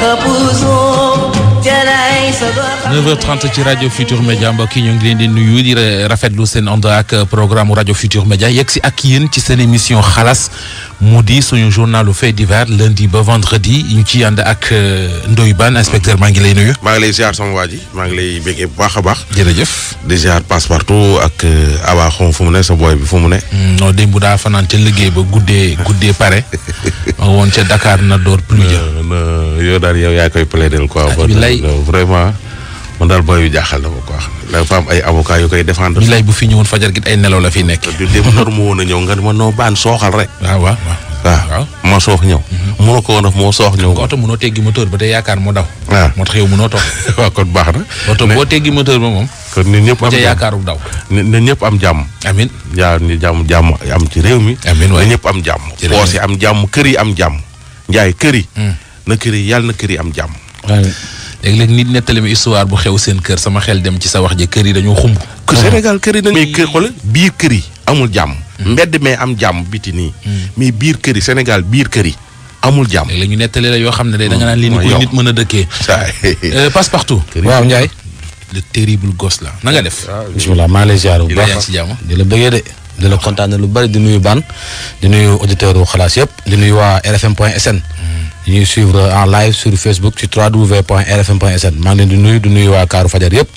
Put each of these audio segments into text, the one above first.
Terhapus 9h30 ci rajo Futur Média mbokk yi ñu ngi leen di nuyu di rafetlu seen ànd ak euh, programme rajo Futur Média yegg si ak yéen ci seen émission xalas mu di suñu journalu fait divers lundi ba vendredi ñu ci ànd ak euh, Ndoye Bane inspecteur maa ngi lay nuyu. maa ngi lay ziar sama waa maa ngi lay béggee baax a baax. jërëjëf di ziar Passepartout ak euh, Aba xom fu mu ne sa booy bi fu mu ne. Hmm, non bu daa fanaan ca liggéey ba guddee guddee pare ma woon ca dakaar na door pluie. non non yow daal yow yaa ah, vraiment. man daal booy yu jaaxal na ma quoi dafa am ay avocat yu koy défendre. ñu lay bu fi ñëwoon fajar gi ay nelaw la fi nekk. du dem norme woon a ñëw nga ma noo baan sooxal rek. Ah, waaw ma soox ñëw. a mhm. ko woon def moo soox ñëw. oto ba tey yaakaar moo daw. waaw ah. moo tax yow mënoo toog. waaw boo teggi moteur ba moom. kon nit ñëpp am jàmm yaakaaru daw. nit ñëpp am jàmm. amiin yaa ni jàmm jàmm am ci réew mi. amiin waay ñëpp am jàmm. poos yi am jàmm kër yi am jàmm. njaay kër yi. Hmm. na kër yi yàlla na kër am jàmm. léeg-léeg nit nettali ma histoire bu xew seen kër sama xel dem ci sa wax ji kër yi dañoo xumb. Sénégal kër yi dañuy mais kër xool biir kër yi amul jàmm. Hmm. mbedd mee am jàmm biti nii. Hmm. mais biir kër yi Sénégal biir kër yi amul jàmm. léeg ñu nettali la yoo xam ne day da nga naan lii ni nit mën a dëkkee. Euh, passe partout. waaw Ndiaye. le terrible gosse la na nga def. Ah, bisimilah maa ngi lay ziar bu baax di la di la bëggee de. di la kontaane lu bari di nuyu ban di nuy auditeur yu xalaas yëpp di nuyu waa rfm point sn ñuy suivre en live sur Facebook ci www.rfm.sn maa ngi leen di du di nuyu waa Kaaru Fajar yëpp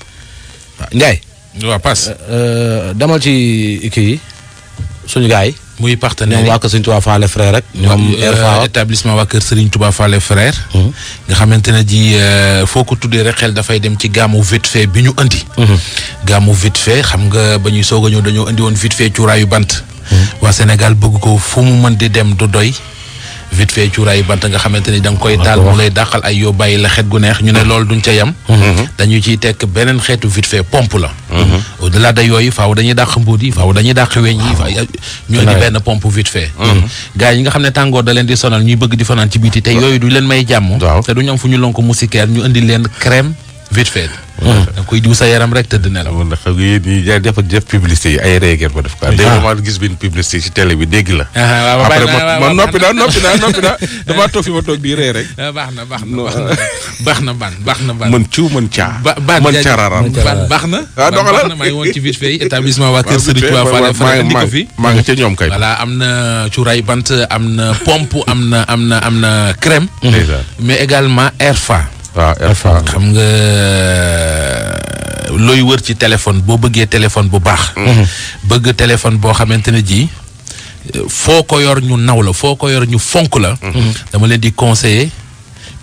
Ndiaye. waaw pass euh, euh, demal ci kii yi suñu gars muy partenaire ñoom waa Kër Serigne Touba Fallé Frère rek. ñoom euh, établissement waa Kër Serigne Touba Fallé nga xamante ne ji foo ko tuddee rek xel dafay dem ci gaamu vite fait bi ñu indi gaamu vite fait xam nga ba ñuy soog a ñëw dañoo indi woon vite fait cuuraayu bant. waa Sénégal bëgg ko fu mu mën di dem du doy. vite fait cuuraayu bant nga xamante ni da nga koy taal mu lay dàqal ay yoo bàyyi la xet gu neex ñu ne ah. loolu duñ ca yem mm-hmm. dañu ciy tekk beneen xeetu vite pomp la mm-hmm. au delà de yooyu faaw dañuy dàq mbuut yi faaw dañuy dàq weñ yi ñu indi benn pompe vite fait mm-hmm. yi nga xam ne tàngoor da leen di sonal ñuy bëgg di fanaan ci biti te yooyu du leen may jàmm te duñ am fu ñu lonk musikeer ñu indi leen crème vite da koy diw sa yaram rek tëdd nelaw. wala xam nga yéen ñii jaay dafa def publicité yi ay réew ngeen ko def quoi. waaw dégg nga gis benn publicité ci télé bi dégg la. Ah, ah, waaw waaw après ma noppi naa noppi naa noppi naa damaa toog fi ma toog bii ree rek. Ah, baax na baax na baax na ban baax na ban. mën ciw mën caa. ba ban mën cararaan ban baax na. waaw doxalal maa ngi woon ci vite fait établissement waa Kër Serigne Touba Fall Fara indi ko fi. maa ngi ca ñoom kay. voilà am na cuuraay bant am na pompe am na am na am na crème. mais également air fa waaw RFA xam nga looy wër ci téléphone boo bëggee téléphone bu baax. Mhm. Mhm. bëgg téléphone boo xamante ne ji foo ko yor ñu naw la foo ko yor ñu fonk la. Mhm. dama leen di conseiller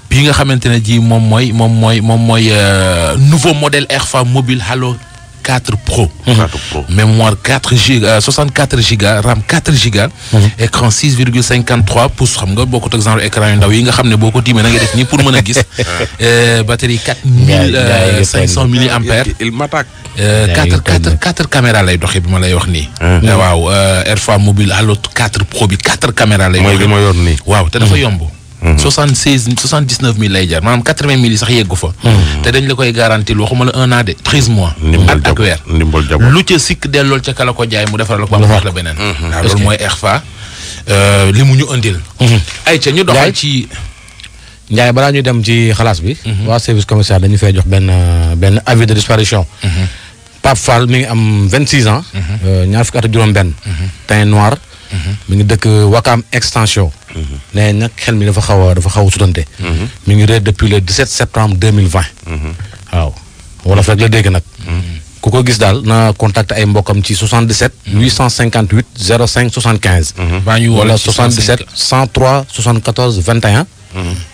bi nga xamante ne ji moom mooy moom mooy moom mooy euh, nouveau model RFA mobile halo 4 Pro. 4 Pro mémoire 4 giga 64 euh, giga RAM 4 giga. Mhm. écran xam nga bokkut ak genre écran yu ndaw yi nga xam ne boo ko tiimee na nga def nii pour mën a gis. Euh, batterie 4500 euh, milliampères. il m'attaque. 4 4 4 caméra lay doxe bi ma lay wax nii. Mhm. Eh, waaw Airfam mobile Allo 4 Pro bi 4 caméra lay doxee. mooy li ma yor nii waaw te dafa mhm. yomb. soixante seize soixante dix neuf mille lay jar maanaam quatre vingt yi sax yeggu fa. Hmm. te dañ la koy garanti waxuma la un an de treize mois. ak ak weer lu ca sikk dellool ca kala jaay mu defaral ko ba mu wax la beneen. est hmm. loolu ah, mooy ECFA euh, li mu ñu indil. Hmm. ay ca ñu doxal ci. Ndiaye balaa ñuy dem ci xalaas bi. waa service commercial dañu fay jox benn benn avis de disparition. Pape Fall mi ngi am vingt six ans. Euh, ñaar fukki at juróom benn. teint noir. mu mm-hmm. ngi dëkk Wakam extension. Mm-hmm. nee nag xel mi dafa xaw a dafa xaw a sutante. Mm-hmm. mi ngi réer depuis le 17 septembre 2020. waaw wolof rek la dégg nag. ku ko gis daal na contacter ay mbokkam ci 77. 858 05 75. baa ñu wala 77 103 74 21.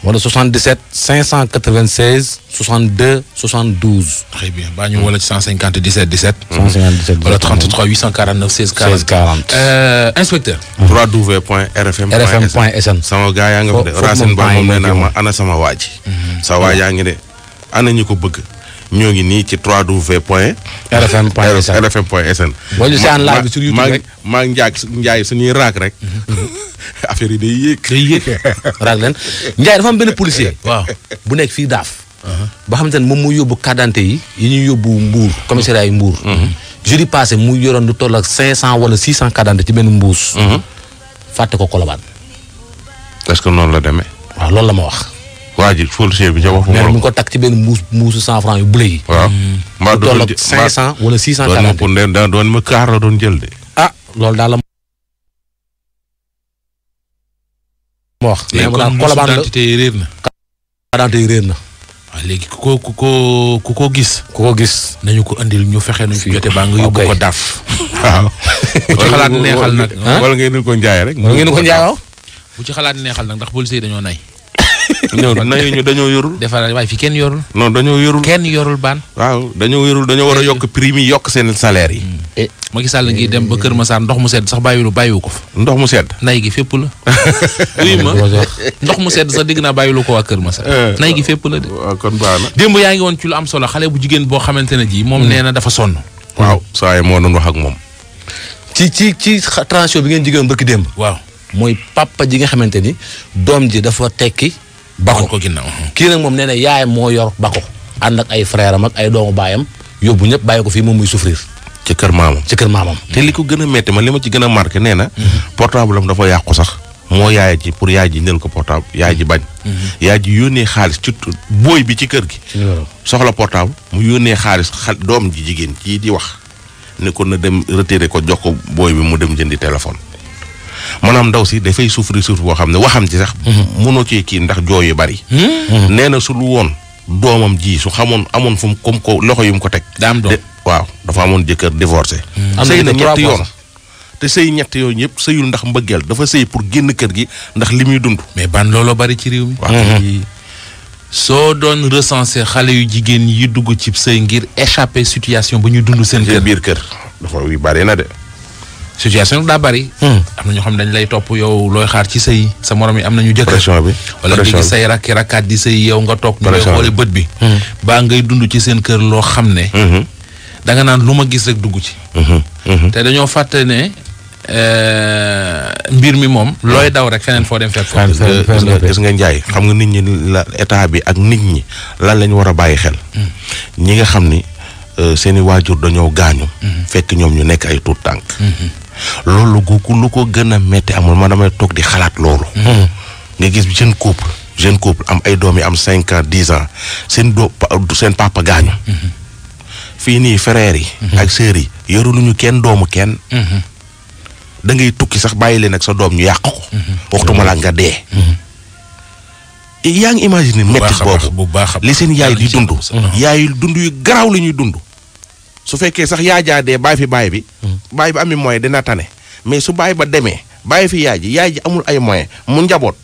wala 77 596 62 72. très bien baa ñu wala ci 150 17 17. 157 wala 33 849 16 40. 16 40 inspecteur. www.rfm.sn sama gars yaa nga fa de Racine Ba moom nee naa ma ana sama waa ji. Mhm. sa waa yaa ngi ne ana ñu ko bëgg. ñoo ngi nii ci 3w point. rfm point sn rfm point sn. wala maa maa njaay suñuy raak rek. Mhm. affaire yi day yéeg. day yéeg raag leen Ndiaye dafa am benn policier. waaw bu nekk fii daaf. Uh-huh. ba xamante ne moom muy yóbbu kàddante yi yi ñu yóbbu mbuur commissariat yi mbuur. Uh-huh. jeudi passé mu yoroon lu toll ak cinq cent wala six cent kàddante ci benn mbuus. Uh-huh. fàtte ko Colobane. est-ce que noonu la demee. waaw loolu la ma wax. ji policier bi ca wax. mu ngi ko takk ci benn mbuus mbuusu cent franc yu blé yi. waaw hmm. mbaa doon cinq cent wala six cent. kàddante doon ma kaar la doon jël de. ah loolu daal la. ko wax. mais kon mosu d'identité yi réer na. d'identité yi réer na. léegi ku ko ku ku ko gis. ku ko gis nañu ko andil ñu fexe nañu fi jote baa nga yóbbu ko daaf. waaw bu ci xalaat neexal nag. Ah? wala ngeen di ko njaay rek. wala ngeen ko njaay waaw. bu ci xalaat neexal nag ndax policiers yi dañoo nay. ñoom nay ñu dañoo yorul. defaral waaye fi kenn yorul. non dañoo yorul. kenn yorul baan. waaw dañoo yorul dañoo war a yokk prime yi yokk seen salaire yi. Hmm. eh Macky Sall ngi dem ba Kër Massar ndox mu sedd sax bàyyilu bàyyiwu ko fa. ndox mu sedd. nay gi fépp la. ndox mu sedd sax dégg naa bàyyilu ko waa Kër Massar. Eh, nay gi fépp la de. kon baax démb yaa ngi woon ci lu am solo xale bu jigéen boo xamante ne ji. moom mm. nee na dafa sonn. waaw soo yi moo doon wax ak moom. ci ci ci transition bi ngeen jigéen bëkk démb. waaw mooy papa ji nga xamante ni doom ji dafa tekki. bako ko ginnaaw uh-huh. kii nag moom nee na yaay moo yor bako ànd ak ay frère ak ay doomu baayam yóbbu ñëpp bàyyi ko fii moom muy souffrir ci kër maamam ci kër maamam. te li ko gën a métti man li ma ci gën a marqué nee na. portable am dafa yàqu sax. moo yaay ji pour yaay ji indil ko portable yaay ji bañ. Mhm. yaay ji yónnee xaalis ci booy bi ci kër gi. soxla portable mu yónnee xaalis xa doom ji jigéen kii di wax ne ko na dem retiré ko jox ko booy bi mu dem jëndi téléphone. maanaam ndaw si dafay suuf souffrir souffrir boo xam ne waxam ci sax. Mhm. mënoo cee kii ndax jooy yu bari. Mhm. nee na su lu woon doomam ji su xamoon amoon fum mu ko loxo yu mu ko teg. daa am waaw dafa amoon jëkkër divorcé. sëy na ñetti yoon te ñetti yoon yëpp sëyul ndax mbëggeel dafa sëy pour génn kër gi ndax li muy dund. mais ban looloo bari ci réew mi. Mm-hmm. soo doon recenser xale yu jigéen yi dugg ci sëy ngir échapper situation bu ñuy dund seen. kër biir kër dafa bari na de. situation daa bari. Hmm. na ñoo xam dañ lay topp yow looy xaar ci sëy sa morom yi am na ñu jëkkër. pression bi wala nga gis say rakki rakkaat di sëy yow nga toog. ñu lay xoole bët bi. Hmm. baa ngay dund ci seen kër loo xam ne. Hmm. danga nga naan lu ma gis rek dugg ci. Mhm, mhm. te dañoo fàtte ne euh, mbir mi moom. looy daw rek feneen foo dem fekk. gis nga njaay xam nga nit ñi la état bi ak nit ñi lan lañu war a bàyyi xel. Mm. ñi nga xam ni euh, seeni waajur dañoo gaañu. Mm-hmm. fekk ñoom ñu nekk ay tout tànk. Mm-hmm. loolu gu lu ko gën a metti amul man damay toog di xalaat loolu. Mm-hmm. nga gis jeune couple jeune couple am ay doom yi am cinquante ans dix ans seen doo seen papa gaañu. fii nii frères yi. Mhm. ak sœurs yi ñu kenn doomu kenn. Mhm. da ngay tukki sax bàyyi leen ak sa doom ñu yàq ko. Mhm. waxtuma la nga dee. yaa ngi imaginer métti boobu li seen yaay di dund. yaay dund yu garaaw la ñuy dund. su fekkee sax yaa jaa dee bàyyi fi baay bi. bàyyi bi ami moyen dina tane mais su bàyyi ba demee bàyyi fi yaay ji yaay ji amul ay moyen mu njaboot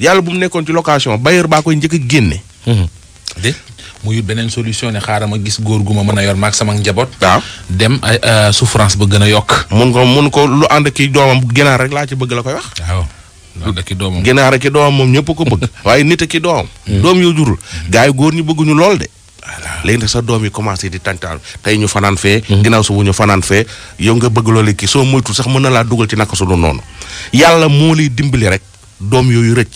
yàlla bu mu nekkoon ci location bailleur baa koy njëkk génne. mu beneen solution ne xaaral ma gis góor gu ma mën a yor ak sama njaboot. waaw dem euh, souffrance ba gën a yokk. mun ko mun ko lu ànd ki doomam ganaar rek laa ci bëgg la koy wax. waaw lu ànd ki doomam. moom ñëpp ko bëgg. waaye nit a ki doomam. Mm. doom yoo jurul. Mm. gars yi góor ñi bëgguñu lool de. voilà léegi nag sa doom yi commencé di tàntaan tey ñu fanaan fee. Mm. ginnaaw subu ñu fanaan fee. yow nga bëgg loolu kii soo moytu sax mën na laa dugal ci naka su noonu. yàlla moo lay dimbali rek. doom yooyu rëcc.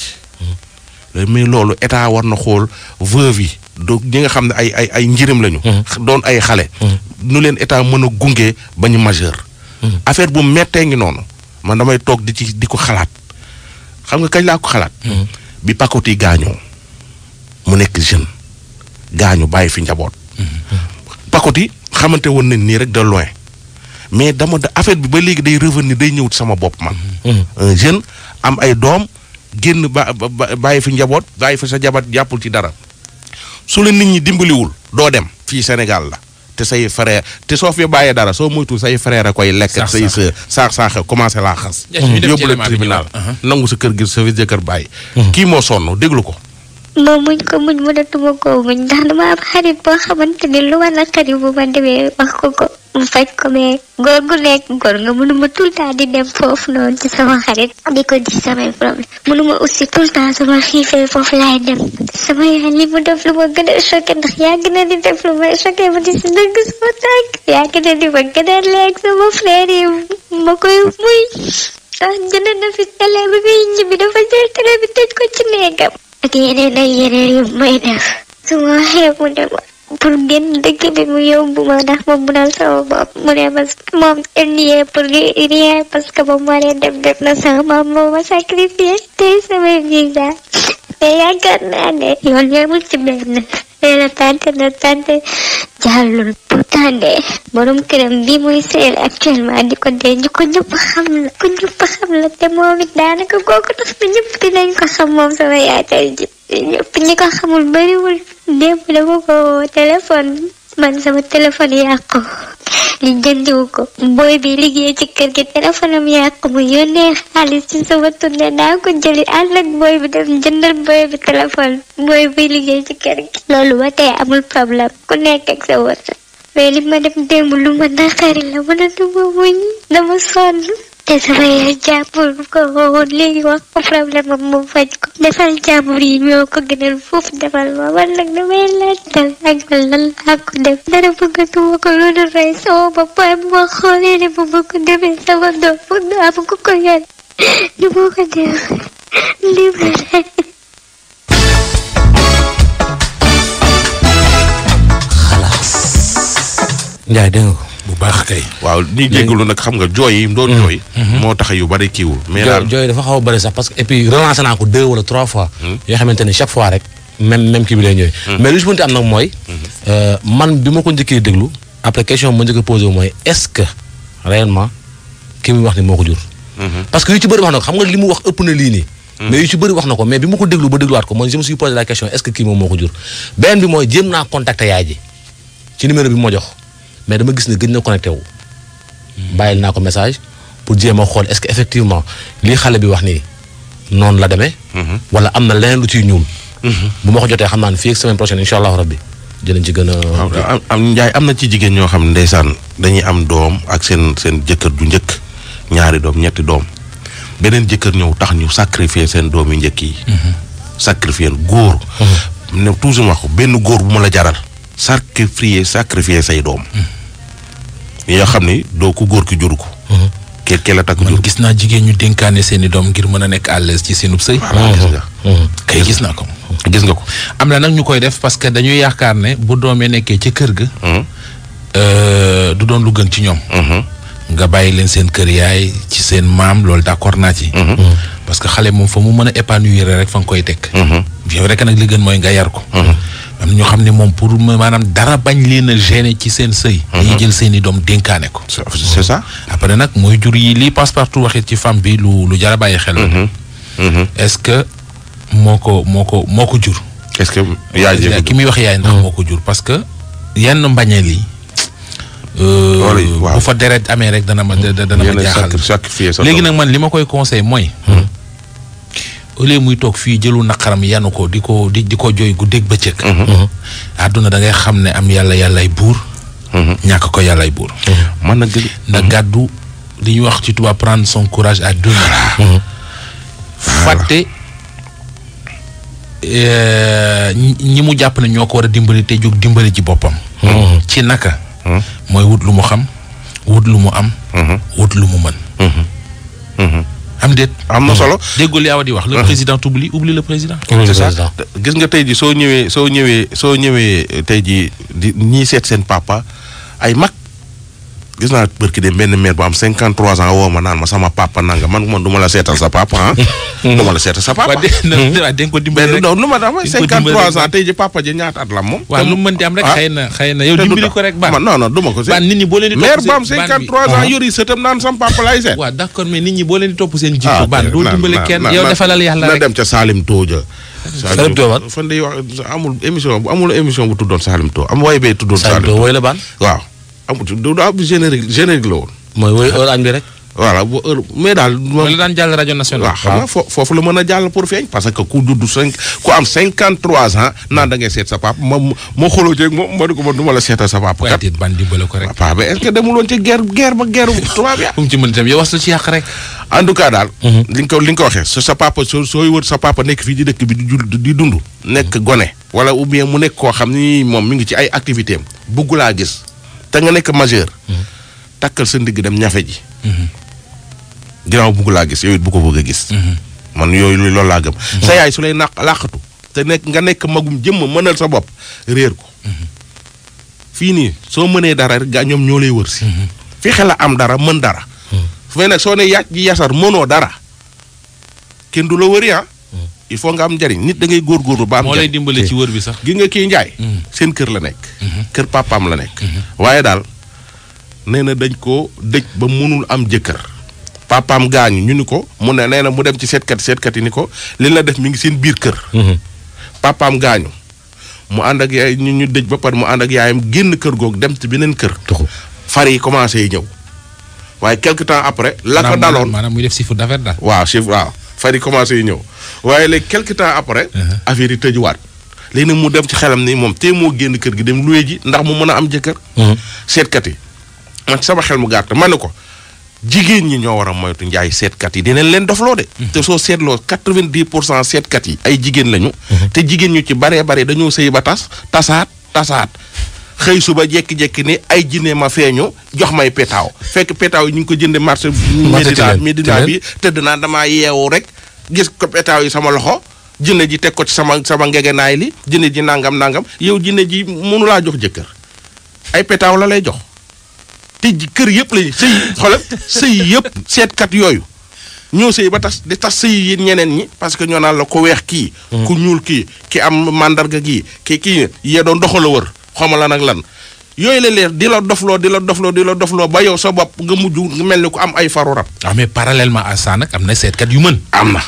mais loolu état war na xool veuve yi donc ñi nga xam ne ay ay ay njirim lañu. doon ay xale. nu leen état mën a gunge ba ñu majeur. affaire bu méttee ngi noonu man damay toog di ci di ko xalaat xam nga kañ laa ko xalaat. bi pakoti gaañoo mu nekk jeune gaañu bàyyi fi njaboot. pakoti xamante woon nañ nii rek de loin mais dama da affaire bi ba léegi day revenir day ñëwut sama bopp man. jeune am ay doom génn ba bàyyi fi njaboot bàyyi fi sa jabat jàppul ci dara. su la nit ñi dimbaliwul doo dem fii Sénégal la te say frère te soo fi bàyyee dara soo moytuwul say frère a koy lekk ak say sœur saax saaxe commencé laa xas yóbbu la tribunal uh-huh. nangu sa kër gi sa service de kër bàyyi uh-huh. kii moo sonn déglu ko ma muñ ko muñ mënatuma koo muñ ndax dama xarit boo xamante ni lu ma naqari bu ma demee wax ko ko mu faj ko mais góor gu nekk góor nga mënuma tout le sama xiifee foofu laay dem sama yaay li mu def lu ma gën a choqué ndax yaa gën a di def lu ma choqué ma di si dëgg sama tànk yaa gën a di ma gën a leeg sama frère yi ma koy muy ah jënd na fi télé bi muy ñibbi dafa jël télé bi ko ci néegam ak yeneen ay yeneen yu may def su ma xeebu ne ma pour génn dëkk bi mu yóbbu ma ndax ma munal sama bopp mu ne ma moom indiee pour rien parce que ba mu waree dem def na sama maam moo ma sacrifié tey samay visa Meraklandı yollarımın simlerine. Era tanta, no obstante, ya loolu pourtant borom këram bii mooy sëyal actuellement di ko denc ko ñëpp xam la ko ñëpp xam la te moom it daanaka kooku ko xam moom sama yaay tey ko xamul bëriwul démb dama ko woo man sama téléphone yàqu li jëndiwu ko booy bi liggéey ci kër gi téléphone am yàqu mu yónnee xaalis ci sama tournée naa ko jëli ànd ak booy bi dem jëndal booy bi téléphone booy bi liggéey ci kër gi loolu ba amul problème ku nekk ak sa wër mais li ma dem démb lu ma naqari la mënatuma muñ dama sonn te sama yaay jàmbur ko woon léegi wax ko problème am faj ko defal jàmbur yi ñoo ko gënal foofu defal ma man nag damay laajtal ak man laa ko def dara bëggatuma ko lu dul rey sama bopp am ma xoolee bu ma ko sama doom bu am ku ko ko def lii ma laaj Njaay dégg nga ko bu baax kay. waaw ñuy jégalu nag xam nga jooy yi doon mm-hmm. jooy. Mm-hmm. moo tax yu bari kiiwul. mais daal jooy dafa xaw a parce que et puis relancé naa ko deux wala trois fois. Mm-hmm. yoo xamante ne chaque fois rek kii bi euh, ko njëkkee déglu. après question moo ko jur. parce que yu ci bëri wax na li mu wax ëpp na lii nii. mais yu ci bëri wax na ko mais bi ma ba dégluwaat bi mooy jéem naa contacter yaay ji ci numéro bi moo jox. mais dama gis ne gën na connecté wu. bàyyil naa ko message pour jéem a xool est-ce que effectivement lii xale bi wax nii noonu la demee. Mhm. wala am na leneen lu ciy ñuul. Mhm. bu ma ko jotee xam naa ne fii ak semaine prochaine incha allahu rabbi dinañ ci gën a. am Ndiaye am na ci jigéen ñoo xam ne ndeysaan dañuy am doom ak seen seen jëkkër ju njëkk ñaari doom ñetti doom beneen jëkkër ñëw tax ñu sacrifier seen doom yu njëkk yi. Mhm. sacrifier góor. ne toujours wax benn góor bu ma la jaral. sacrifier sacrifier say doom. yi xam ni doo ko góor ki juru ko. Mhm. ke ke la takk jur gis naa jigéen ñu dénkaane seen i doom ngir mën a nekk à ci seenub sëy. gis mhm. Mhm. kay gis naa ko. gis nga ko am na nag ñu koy def parce que dañuy yaakaar ne bu doomee nekkee ci kër ga. Euh, du doon lu gën ci ñoom. nga bàyyi leen seen kër yaay ci seen maam loolu d'accord naa ci. parce que xale moom fa mu mën a épanouir rek fa nga koy teg. yow rek nag li gën mooy nga yar ko. am ñoo xam ne moom pour maanaam dara bañ leen a ci seen sëy mhm. dañuy jël seen doom dénkaane ko c'est ça après nag mooy jur yi lii passe-partout waxit ci femme bi lu lu jar a bàyyi xel mhm. Mhm. est-ce que moo ko moo ko moo ko jur est-ce ki muy wax yaay ndax moo ko jur parce que yenn mbañeel yi euh, bu fa deret amee rek dana ma dana ma jaaxal léegi nag man li ma koy conseil mooy au lieu muy toog fii jëlu naqaram yanu ko di ko di di ko jooy guddeeg ba mhm. mhm. àdduna da ngay xam ne am yàlla yàllaay buur. Mhm. ñàkk ko yàllaay buur. man nag na gàddu li ñuy wax ci tubaab prendre son courage à deux fàtte euh, ñi mu jàpp ne ñoo ko war dimbali te jóg dimbali ci boppam. ci naka. mooy wut lu mu xam wut lu mu am. wut lu mu mën. am déet am na hmm. solo déggoo li awa di wax le hmm. président oublie oublie le président c'est ça gis nga tey ji soo ñëwee soo ñëwee soo ñëwee tey jii di ñii seet seen papa ay mag gis naa barki maire bu am cinquante trois trois ans na xëy na yow dimbali ko rek. boo leen di topp seen bu am cinquante trois amul émission bu tuddoon Salim Tooja am waaye bee tuddoon Salim Tooja waaw amut du du ab générique générique la woon. mooy woy heure rajo nationale. waaw ah. foofu la mën a jàll pour feeñ. parce que ku dudd cinq ku am cinquante trois ans naan da seet sa paap ma ma xooloo jéeg ma ma ne ko ma du ma ba est ba guerre ci mën itam yow wax ci yàq rek. en tout cas daal. Mhm. li nga waxee sa sa papa sooy wër sa papa nekk fii di dëkk bi di jul di dund. nekk gone. wala ou mu nekk koo xam ni moom mi ngi ci ay activités am bëggu laa gis te nga nekk majeur. takkal sa ndigg dem ñafe ji. ginnaaw bugg laa gis yooyu bu ko bëgg a gis. man yooyu loolu laa gëm. sa yaay su lay naq làqatu te nekk nga nekk magum jëmm mënal sa bopp réer ko. fii nii soo mënee dara rek gaa ñoom ñoo lay wër si. fi xel a am dara mën dara. Hmm. fu may soo ne yaaj ji yasar mënoo dara kenn du la wëri ah. il faut nga am njariñ nit dangay ngay góorgóorlu ba am. moo bi sax. gi nga kii njaay. Mm-hmm. seen kër la nekk. Mm-hmm. kër papaam la nekk. Mm-hmm. waaye daal nee na dañ ko dëj ba mënul am jëkkër. papaam gaañu ñu ni ko mu ne nee na mu dem ci seetkat seetkat yi ni ko li la def mi ngi seen biir kër. papaam gaañu mu ànd ak yaay ñu ñu dëj ba pare mu ànd ak yaayam génn kër googu dem ci beneen kër. far yi commencé ñëw waaye quelque temps après. la ko daloon maanaam def chiffre d'affaires daal. waaw chiffre waaw. far yi yu ñëw waaye léegi quelque temps après. Uh-huh. affaire yi tëjuwaat. léegi nag mu dem ci xelam ni moom tey moo génn kër gi dem luwe ji ndax mu mën a am jëkkër. Uh-huh. seetkat yi man sama xel mu gàtt ma ne ko jigéen ñi ñoo war a moytu njaay seetkat yi dinañ leen dofloo de. Uh-huh. te soo seetloo quatre vingt pour cent seetkat yi ay jigéen lañu. te jigéen ñu ci baree bare dañoo sëy ba tas tasaat tasaat. xëy suba jekki-jekki ni ay jinne ma feeñu jox may petaaw fekk petaaw yi ñu ngi ko jënde marché Médina Médina bi tëdd naa damaa yeewu rek gis ko petaaw yi sama loxo jinne ji teg ko ci sama sama ngegenaay li jinne ji nàngam nangam yow jinne ji mënu laa jox jëkkër ay petaaw la lay jox te kër yëpp lañu sëy xoolal sëy yëpp seetkat yooyu ñoo sëy ba tas di tas sëy yi ñeneen ñi parce que ñoo naa la ko weex kii mm. ku ñuul kii ki am mandarga gii ki kii yee doon doxala wër xawma la nag lan yooyu la leer di la loo di la dofloo di la dofloo ba yow sa bopp nga mujj nga mel ni ku am ay faru rab. ah mais parallèlement à ça nag am na seetkat yu mën. am na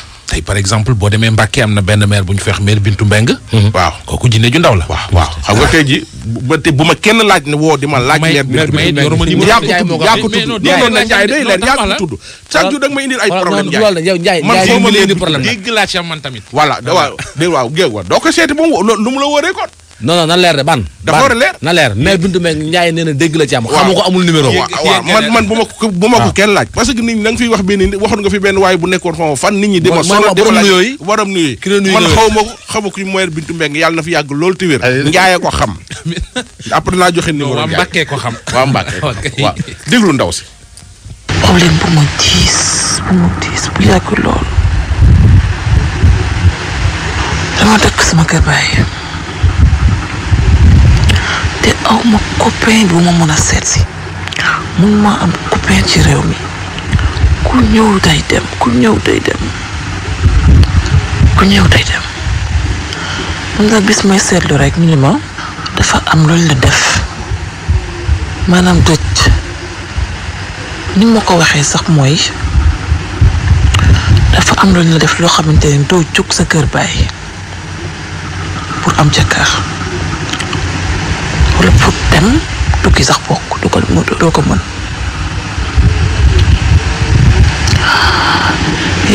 boo demee Mbacke am na benn maire bu ñu feex maire Bintu Mbeng. Mhm. waaw la. waaw waaw xam nga ah. tey jii ba tey bu kenn laaj ne woo di ma laaj. Bintu Mbeng yaa tudd non non Ndiaye day leer ah. ay problème Ndiaye. man foo ma leen di dégg laa ci am man tamit. voilà wa doo ko seeti ba mu lu mu la wëree kon non non na leer de ban. dafa war leer na leer mais Bintu Mbengue Ndiaye nee na dégg la ci am. xamu ko amul numéro. waaw man bu ma ko ah. kenn laaj. parce que nit ñi da nga wax benn waxoon nga fi benn waaye bu nekkoon foofu fan nit ñi. dama sonal dama laaj ko xamu ko mooy Bintu Mbengue yàlla na fi yàgg loolu te wér. Ndiaye ko xam. après naa joxe numéro bi. waa Mbacke déglu ndaw si. te aw ma bu ma mën a seet si mun ma am copain ci réew mi ku ñëw day dem ku ñëw day dem ku ñëw mun nga bis may seetlu rek ñu ne dafa am loolu la def maanaam doj ni ma ko waxee sax mooy dafa am loolu la def loo xamante ne doo jóg sa kër bàyyi pour am jëkkër dem tukki sax bokk du ko doo ko mën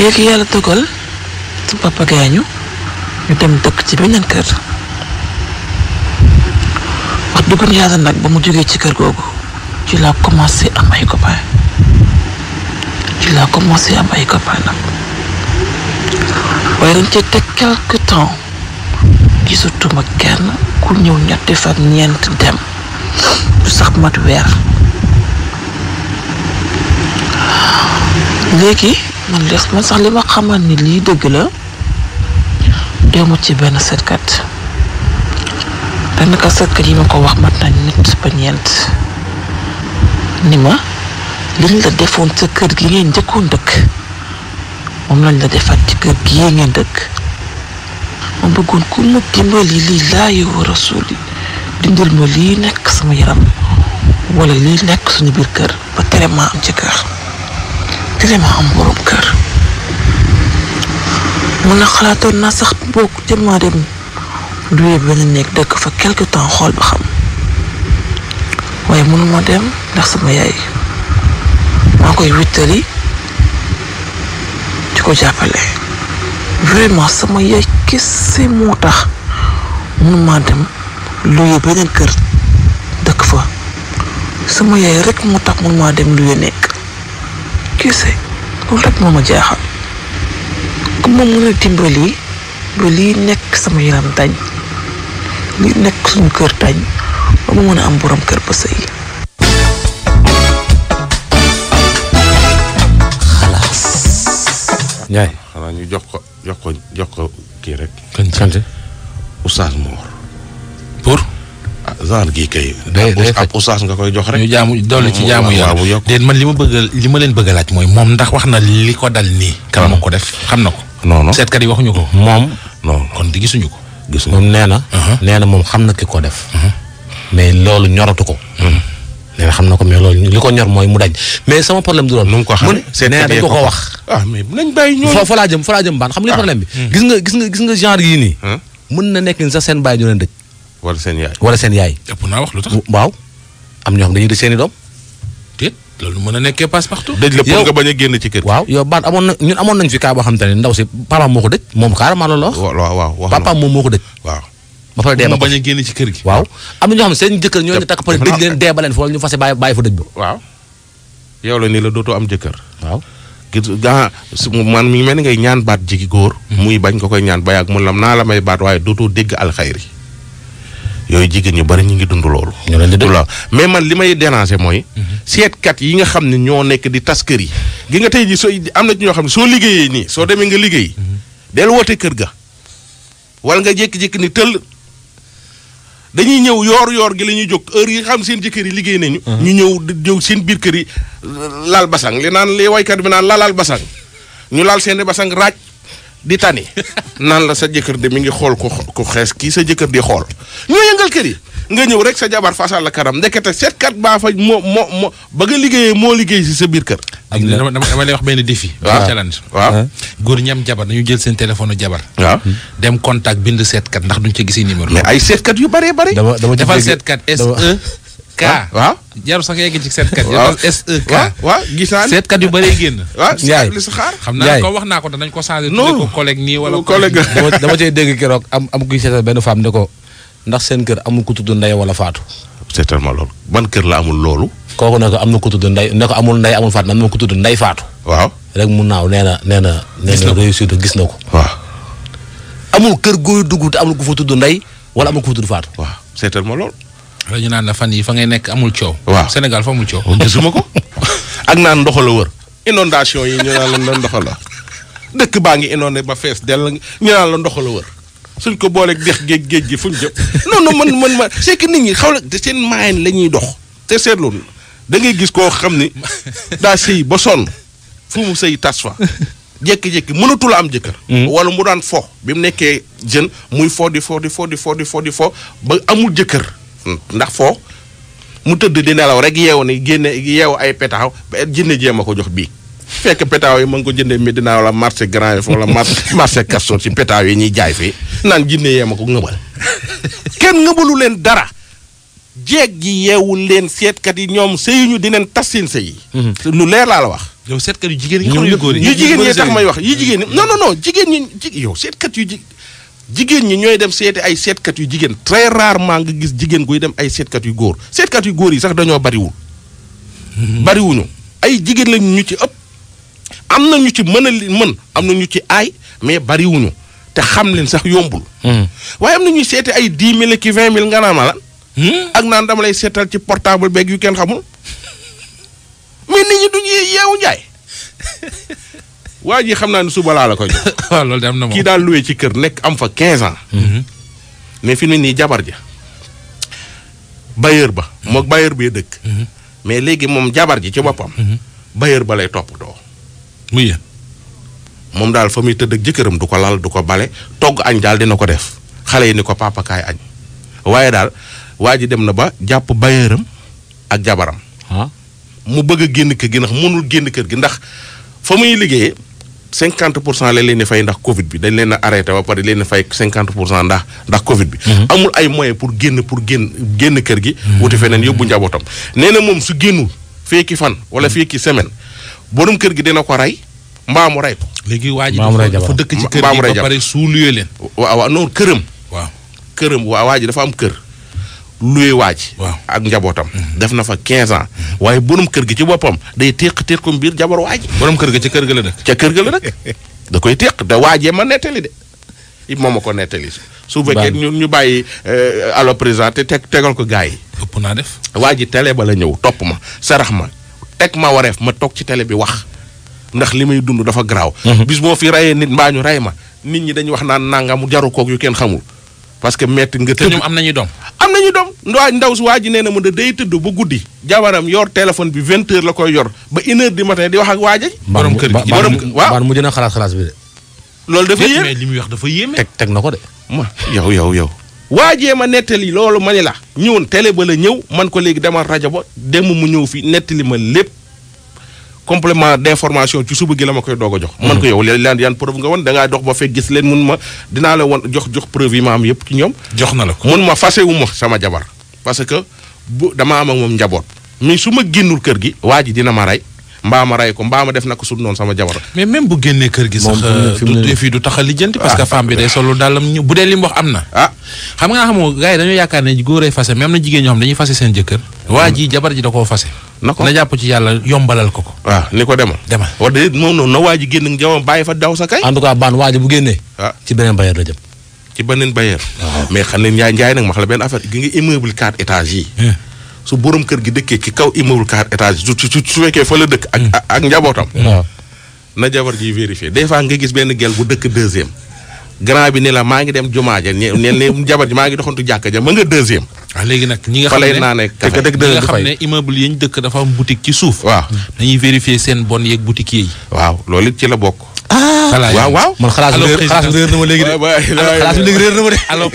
yéeg yàlla dogal su papa ñu dem dëkk ci beneen kër wax dëgg yàlla nag ba mu jógee ci kër googu ci laa commencé am ay copain ci laa am ay copain nag waaye dañ cee teg quelque temps gisatuma kenn ku ñëw ñetti fan ñeent dem du sax mat weer léegi man li man sax li ma xamal ni lii dëgg la demut ci benn setkat benn ka setkat yi ma ko wax mat na nit ba ñeent ni ma liñ la defoon sa kër gi ngeen njëkkoon dëkk moom lañ la defaat ci kër gi ngeen dëkk ma bëggoon ku ma dimbali lii laa yow rasuul yi dindil ma lii nekk sama yaram wala lii nekk suñu biir kër ba tere maa am ci kër tere maa am borom kër mun na xalaatoon naa sax boog jëm maa dem duwee benn néeg dëkk fa quelque temps xool ba xam waaye mënuma dem ndax sama yaay maa koy wittali di ko jàppale vraiment sama yaay kese moo tax mënuma dem. luye beneen kër dëkk fa sama yaay rek moo tax mun maa dem luye nekk kese loolu rek moo ma jaaxal ku ma mën a dimbali ba lii nekk sama yaram dañ lii nekk suñu kër dañ ba ma mën a am borom kër ba sëy genre gii kay. day day ab oustaz nga koy jox rek. ñu jaamu dolli ci jaamu yoon man li ma bëgg li ma leen bëgg a laaj mooy moom ndax wax na li ko dal nii. kanam na ko. non non seetkat yi ko. moom non kon di na. Uh-huh. nee na moom xam na ki ko def. Uh-huh. mais loolu ñoratu ko. Uh-huh. nee na xam na ko mais loolu li ko ñor mooy mu dañ mais sama problème du doon. nu ko xamee seen dañ ko ko wax. ah laa jëm fa laa jëm baan xam nga ah. problème bi. Hmm. gis nga gis nga genre yii nii. mën na nekk ni sax seen bàyyi ñu leen dëj wala seen yaay. waaw am ñoo xam dañuy la pour nga bañ a génn ci kër. waaw yow baat amoon na ñun amoon nañu fi kaa boo xam te ne ndaw si papaam moo ko moo ba pare dee ba bañ a génn gi. waaw am na ñoo xam seen ñoo ñu takk la nii la dootoo am jëkkër. waaw ah, man mi mel ni ngay ñaan baat jigi góor hmm. muy bañ nga koy ñaan ba yàgg mu naa la may baat waaye dootoo dégg alxayri yooyu jigéen ñu bari ñu ngi dund loolu. mais man li may déranger mooy. Mhm. seetkat yi nga xam ne ñoo nekk di tas kër yi. gi nga tey ji soo am na ci ñoo xam ne soo liggéeyee nii soo demee nga liggéey. Mhm. del woote kër ga. wala nga jékki-jékki ni tëll dañuy ñëw yoor-yoor gi la ñuy jóg heure yi xam seen jëkkër yi liggéey nañu. Mhm. ñu ñëw ñëw seen biir kër yi laal basang li naan li waykat bi naan laalal basang ñu laal seeni i raaj. di tani naan la sa jëkkër de mu ngi xool ku ku xees kii sa jëkkër di xool ñoo yëngal kër yi nga ñëw rek sa jabar fasal la kanam ndekete seetkat baa fa moo moo moo ba nga liggéeyee moo liggéey si sa biir kër. ak dama dama lay wax benn défi. waaw challenge. waaw góor ñam jabar dañu jël seen téléphone jabar. waaw dem contact bind seetkat ndax duñ ca gisee numéro. mais ay yu bëree bëri. dama dama seetkat s e K. Ah, waaw jaru sax yegg ci seetkat yi. waaw SEK. waaw gis naa seetkat yu bëree génn. waaw Ndiaye li saxaar. xam naa ko wax naa ko danañ ko changé. non ko collègue nii wala. collègue dama cay dégg keroog am am benn femme ne ko ndax seen kër amul ku tudd ndey wala faatu. certainement loolu ban kër la amul loolu. kooku ne ko am na ku tudd ndey ne ko amul ndey amul faatu am na ku tudd ndey faatu. waaw rek mu naaw nee na nee na. gis na ko gis na ko. waaw. kër gooy dugg te amul ku tudd ndey wala ma ku fa tudd faatu. waaw dañu naan la fan yii fa ngay nekk amul coow. waaw Sénégal fa amul coow. gisuma ko ak naan ndox la wër. inondation yi ñu naan la ndox la dëkk baa ngi inondé ba fees dell la ndox la wër suñ ko booleeg dex géej géej gi fuñ jëm non non man man man c'est que nit ñi xaw la te seen maayen la ñuy dox te seetlu da ngay gis koo xam ni daa sëy ba sonn fu mu sëy tas fa. jékki-jékki mënatul am jëkkër. Hmm. wala mu daan fo bi mu nekkee jeune muy fo di fo di fo di fo di fo di fo ba amul jëkkër. ndax foo mu tëdd di nelaw rek yeewu ni génne yeewu ay pétaaw ba jinne jéem a ko jox bii fekk petaaw yi ma ngi ko jëndee Medina wala marché Grand Yoff wala marché Castor ci pétaaw yi ñuy jaay fii naan jinne yee ma ko ngëbal kenn ngëbalu leen dara jeeg gi yeewu leen seetkat yi ñoom sëyuñu di neen seen sëy yi mhm. lu leer laa la wax yow seetkat yu jigéen yi yu jigéen yi tax may wax yu jigéen yi non non non jigéen ñi yow seetkat yu jigéen jigéen ñi ñooy dem seeti ay seetkat yu jigéen très rarement nga gis jigéen guy dem ay seetkat yu góor seetkat yu góor yi sax dañoo bariwul. bariwuñu ay jigéen lañ ñu ci ëpp. am na ñu ci mën a mën am na ñu ci aay mais bariwuñu te xam leen sax yombul. Hmm. waaye am na ñuy seeti ay dix mille ki vingt mille nga naan ma hmm? ak naan dama lay seetal ci portable beeg yu kenn xamul. mais nit ñi duñu yeewu njaay. waa ji xam naa ne suba laa la ko jox. waaw loolu de kii daal loué ci kër nekk am fa quinze ans. Mhm. mais fi ne nii jabar ja. bailleur ba. Mhm. moo bailleur bee dëkk. Mhm. mais léegi moom jabar ji ci boppam. bailleur ba lay toppatoo. muy yéen. moom daal fa muy tëdd ak jëkkëram du ko lal du ko bale togg añ daal dina ko def xale yi ni ko papa kaay añ waaye daal waa ji dem na ba jàpp bailleuram ak jabaram. Ah. mu bëgg génn kër gi ndax mënul génn kër gi ndax fa muy liggéeyee. cinquante pour cent lañ leen di fay ndax Covid bi dañ leen a arrêté ba pare leen di fay cinquante pour cent ndax ndax Covid bi. Mhm. amul ay moyens pour génn pour génn génn kër gi. Mhm. wuti feneen yóbbu njabootam nee na moom su génnul feeki fan wala mhm. feeki semaine borom kër gi na ko rey. mbaamu rey ko. léegi waa ji dafa dëkk ci kër gi ba pare suuluyee leen. waaw waaw noonu këram. waaw këram waa waa ji dafa am kër. luye waaj ak njabootam mm-hmm. def na fa quinze ans mm-hmm. waaye borom kër gi ci boppam day téq téqum biir jabar waaj borom kër ga ca kër ga la dëkk ca kër ga la dëkk da koy téq da waajee ma nettali de i moom a ko nettali su fekkee ñu ñu bàyyi euh, allo président te teg tegal ko gars yi ëpp naa def waa ji télé ba la ñëw topp ma sarax ma teg ma wareef ma toog ci tele bi wax ndax li may dund dafa garaaw mm-hmm. bis boo fi rayee nit mbaa ñu ray ma nit ñi dañuy wax naan nangamu jaru koog yu kenn xamul parce que métti nga. te ñoom am nañu doom. am nañu doom ndaw ndaw si waa ji nee na mu de day tëdd guddi. jabaram yor téléphone bi vingt heures la koy yor ba une heure du matin di wax ak waajal. borom kër gi borom waaw man mu dina xalaat xalaat bi de. loolu dafa yéeme mais li muy wax dafa yéeme. teg teg na ko de. ma yow yow yow. waajee ma nettali loolu ma ni la. ñëwoon télé ba la ñëw man ko léegi demal rajo ba dem mu ñëw fi nettali ma lépp. complément d'information ci suba gi la ma koy doog a jox. man ko mhm. yow leen yan preuve nga woon da ngaa dox ba fekk gis leen mun ma dinaa la woon jox jox preuve yi ma am yëpp ci ñoom. jox na la ko mun ma fase wu ma sama jabar parce que bu dama am ak moom njaboot. mais su ma génnul kër gi. waa ji dina ma rey. mbaa ma ray ko mbaa ma def na ko noonu sama jabar. mais même bu génnee kër gi sax du fii du tax a lijjanti parce que ah. femme bi day solu dàllam ñu bu dee li wax am na ah xam nga xamoo gars yi dañoo yaakaar ne xam dañuy fase hmm. ko na jàpp ci yàlla yombalal ko ko waaw ah, ni ko demal na waa ji ah. xam ne nag ma xam benn affaire gi nga immeuble quatre étages su borom kër gi dëkkee ci kaw immeuble quatre étage su su fekkee fa la dëkk. ak ak njabootam. na jabar ji vérifier des nga gis benn gel bu dëkk deuxième. grand bi ne la maa ngi dem jumaa ja ne ne jabar ji maa ngi doxantu jàkka ja ma nga deuxième. waaw ah, léegi nag ñi nga xam ne fa lay ñi nga xam ne immeuble yi ñu dëkk dafa am boutique ci suuf. waaw dañuy vérifier seen bon yeeg boutique yi. waaw loolu it ci la bokk. ah waaw waaw man xalaas bi réer na ma léegi de. xalaas bi léegi réer na ma de. allo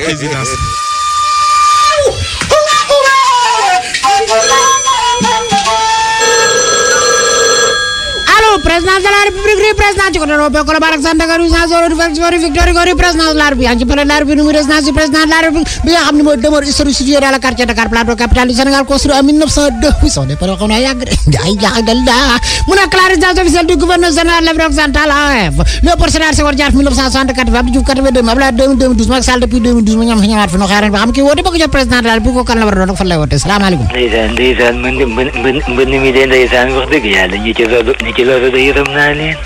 présidence de la république rue présidence ci côté Robe Colobane ak Sandaga rue Sans Soro rue Victor Hugo rue présidence de la république yaa ngi ci palais de la république muy résidence du président de la république bi nga xam ne mooy demeure historique située dans le quartier Dakar Plateau capitale du Sénégal construit en 1902 oui son départ xam naa yàgg de ay jaaxal dal daa mu nekk la résidence officielle du gouverneur général le représentant AF Léopold Sédar Senghor Diatta 1964 Abdou Diouf 82 Abdoulaye 2012 Macky Sall depuis 2012 mu ñam ñamaat fi no xaaran ba xam kii woote bëgg jot président de la république ko kan la war a doon ak fan lay woote salaamaaleykum ndeysaan ndeysaan mën mën mën mi de ndeysaan wax dëgg yàlla ñi ci loolu ñi ci loolu yërëm naa leen.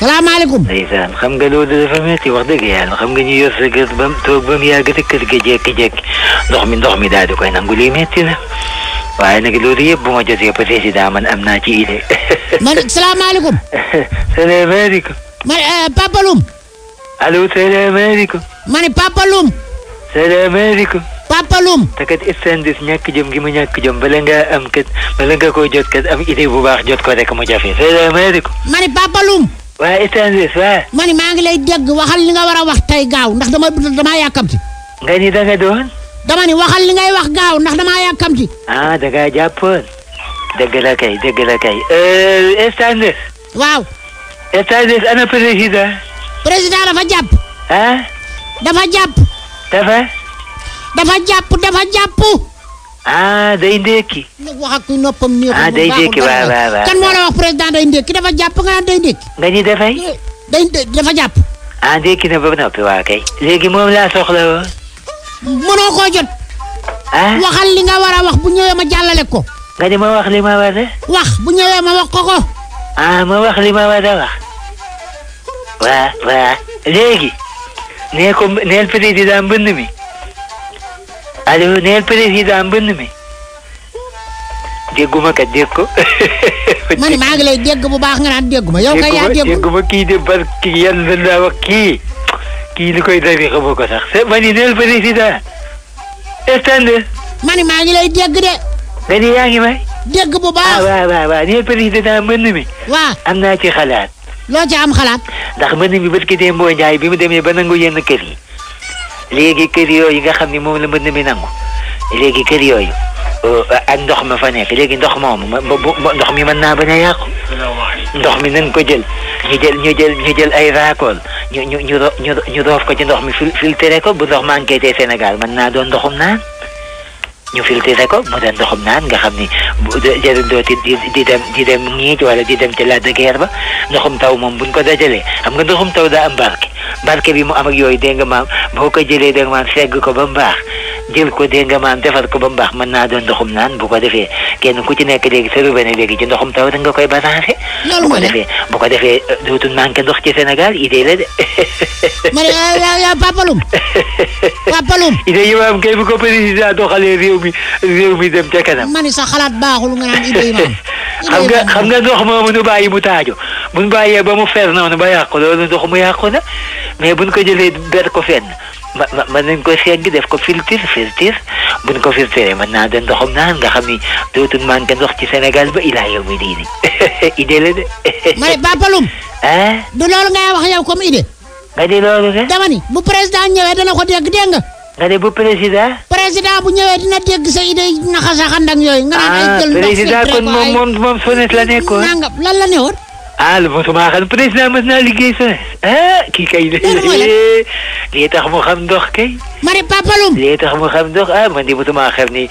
salaamaaleykum. ndeysaan xam nga nga ñu yor sa kër ba mu toog ba mu yàgg te kër ga jékki-jékki ndox mi ndox mi daal di koy nangu lii métti na waaye nag loolu yëpp bu ma jotee président man am naa ci idée. man salaamaaleykum. salaamaaleykum. man eh, Papa Loum. allo salaamaaleykum. man Papa Loum. papalum te kat standis ñàkk jëm gi mu ñàkk jëm bala ngaa am kat bala nga koo jot kat am idée bu baax jot ko rek mu jafe Seydou ma ne ko. ma ne papalum. waaw standis waaw. ma maa ngi lay dégg waxal li nga war a wax tey gaaw ndax dama damaa yàkkamti. nga ni da nga doon. dama ni waxal li ngay wax gaaw ndax damaa yàkkamti. ah da ngaa jàppoon. dëgg la kay dëgg la kay. Euh, standis. waaw. standis ana président. président dafa jàpp. ah. dafa jàpp. dafa. dama jàpp dama jàpp. day ndékki. wax ak kuy noppam néew. ah day ndékki ah, waaw waaw waaw kan moo la wax président day ndékki dafa jàpp nga naan day ndékki. nga ñu defay. Eh, day dafa jàpp. ah ndékki na ba noppi waa kay. léegi moom laa soxla woon. mënoo koo jot. Ah? waxal li nga war a wax bu ñëwee ma jàllale ko. nga ni ma wax li ma war a. wax bu ñëwee ma wax ko ah, ma wax li ma war a wax. waa waa léegi. nee ko neel président mbënd mi. Aliou de président mbënd mi dégguma kat dégg ko. ma ne maa ngi lay dégg bu baax nga naan dégguma yow kay yaa déggu dégguma kii de bal kii yan lan laa wax kii kii li koy dabi xamu ko sax c'est ma ne maa ngi lay dégg de. nga ni yaa ngi may. dégg bu baax ah waaw waaw waaw neel président mbënd mi. waaw am naa ci xalaat. loo ci am xalaat. ndax mbënd mi bët ki dee mboo njaay bi mu demee ba nangu yenn kër yi. léegi kër yooyu nga xam ni moom la mbënd mi nangu léegi kër yooyu euh, ak ndox ma fa nekk léegi ndox moomu ma ndox mi mën naa bañ a yàqu ndox mi nañ ko jël ñu jël ñu jël ñu jël ay raakool ñu ñu ñu ñu roof ko ci ndox mi filtré ko bu ndox manqué tey Sénégal mën naa doon ndoxum naan ñu filtré ko mu doon ndoxum naan nga xam ni jarul dooti di di dem di dem ñiij wala di dem ci la de guerre ba ndoxum taw moom buñ ko dajalee xam nga ndoxum taw daa am barke barke bi mu am ak yooyu dégg nga maam boo ko jëlee dégg nga maam segg ko ba mu baax jël ko dégg nga maam defar ko ba mu baax mën naa doon ndoxum naan bu ko defee kenn ku ci nekk léegi sa robinet léegi ci ndoxum taw da nga koy balancé. bu ko defee bu ko defee euh, dootul ndox ci Sénégal idée la de. ma ne ah ah mi ma ni sa xalaat baaxul nga naan idée ma xam nga xam nga ndox moomu nu bàyyi mu taajo buñ bàyyee ba mu fer noonu ba yàqu loolu ndox mu yàqu na mais buñ ko jëlee ber ko fenn ma ma mën nañ ko segg def ko filtre filtre buñ ko filtré mën naa de ndoxam naan nga xam ni dootul manqué ndox ci Sénégal ba ilaa yow mi diini la de. ma ne Bapaloum. ah. du loolu ngay wax yow comme idée. nga di loolu nga. dama ni bu président nga ne bu président. président bu ñëwee dina dégg sa idée naxa saxandak yooyu. nga naan ah, ay jël ndox président kon moom moom moom SONES la nekkoon. nangam lan la newoon. ah lu mosuma xam président mos naa liggéey SONES ah kii kay. Eh, lii tax mu xam ndox kay. ma ne Papa Loum. lii tax mu xam ndox ah man di mosuma xam ni.